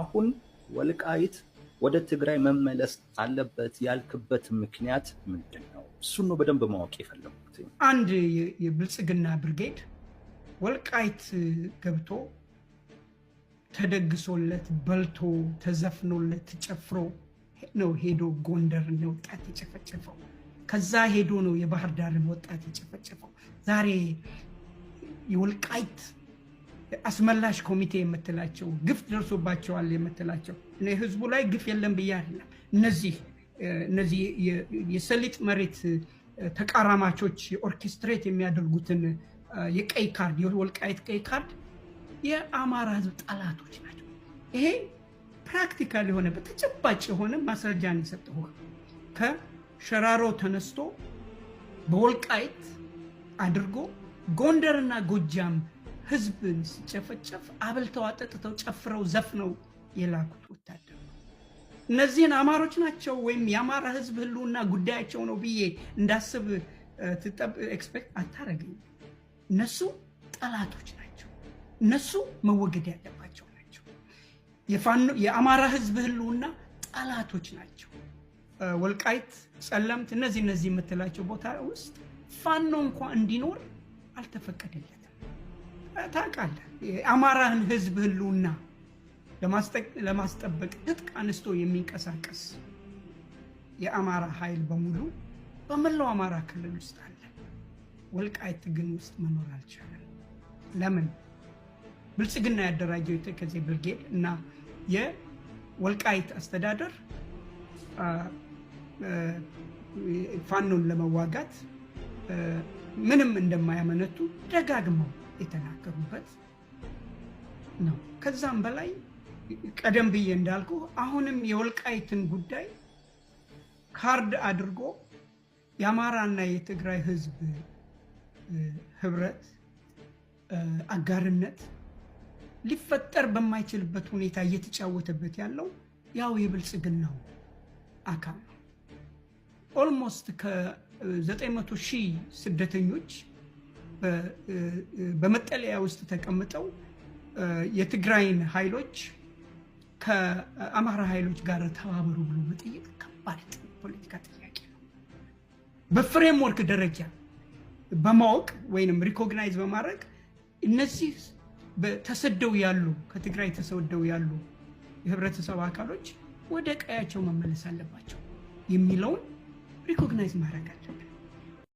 አሁን ወልቃይት ወደ ትግራይ መመለስ አለበት ያልክበት ምክንያት ምንድን ነው? እሱን ነው በደንብ ማወቅ የፈለጉት። አንድ የብልጽግና ብርጌድ ወልቃይት ገብቶ ተደግሶለት በልቶ ተዘፍኖለት ጨፍሮ ነው ሄዶ ጎንደርን ወጣት የጨፈጨፈው። ከዛ ሄዶ ነው የባህር ዳርን ወጣት የጨፈጨፈው። ዛሬ የወልቃይት አስመላሽ ኮሚቴ የምትላቸው ግፍ ደርሶባቸዋል የምትላቸው ህዝቡ ላይ ግፍ የለም ብዬ አይደለም። እነዚህ እነዚህ የሰሊጥ መሬት ተቃራማቾች ኦርኬስትሬት የሚያደርጉትን የቀይ ካርድ የወልቃይት ቀይ ካርድ የአማራ ህዝብ ጠላቶች ናቸው። ይሄ ፕራክቲካል የሆነ በተጨባጭ የሆነ ማስረጃን የሰጠሁ ከሸራሮ ተነስቶ በወልቃይት አድርጎ ጎንደርና ጎጃም ህዝብን ሲጨፈጨፍ አብልተው አጠጥተው ጨፍረው ዘፍነው የላኩት ወታደር ነው። እነዚህን አማሮች ናቸው ወይም የአማራ ህዝብ ህልውና ጉዳያቸው ነው ብዬ እንዳስብ ኤክስፔክት አታረግኝ። እነሱ ጠላቶች ናቸው። እነሱ መወገድ ያለባቸው ናቸው። የአማራ ህዝብ ህልውና ጠላቶች ናቸው። ወልቃይት፣ ጸለምት፣ እነዚህ እነዚህ የምትላቸው ቦታ ውስጥ ፋኖ እንኳ እንዲኖር አልተፈቀደለትም። ታውቃለህ፣ የአማራን ህዝብ ህልውና ለማስጠበቅ ትጥቅ አንስቶ የሚንቀሳቀስ የአማራ ኃይል በሙሉ በመላው አማራ ክልል ውስጥ አለ። ወልቃይት ግን ውስጥ መኖር አልቻለም። ለምን? ብልጽግና ያደራጀው የተከዜ ብርጌድ እና የወልቃይት አስተዳደር ፋኖን ለመዋጋት ምንም እንደማያመነቱ ደጋግመው የተናገሩበት ነው። ከዛም በላይ ቀደም ብዬ እንዳልኩ አሁንም የወልቃይትን ጉዳይ ካርድ አድርጎ የአማራና የትግራይ ሕዝብ ህብረት አጋርነት ሊፈጠር በማይችልበት ሁኔታ እየተጫወተበት ያለው ያው የብልጽግናው አካል ነው ኦልሞስት 900 ሺህ ስደተኞች በመጠለያ ውስጥ ተቀምጠው የትግራይን ኃይሎች ከአማራ ኃይሎች ጋር ተባበሩ ብሎ መጠየቅ ከባድ ፖለቲካ ጥያቄ ነው። በፍሬምወርክ ደረጃ በማወቅ ወይም ሪኮግናይዝ በማድረግ እነዚህ ተሰደው ያሉ ከትግራይ ተሰደው ያሉ የህብረተሰብ አካሎች ወደ ቀያቸው መመለስ አለባቸው የሚለውን ሪኮግናይዝ ማድረግ አለብን።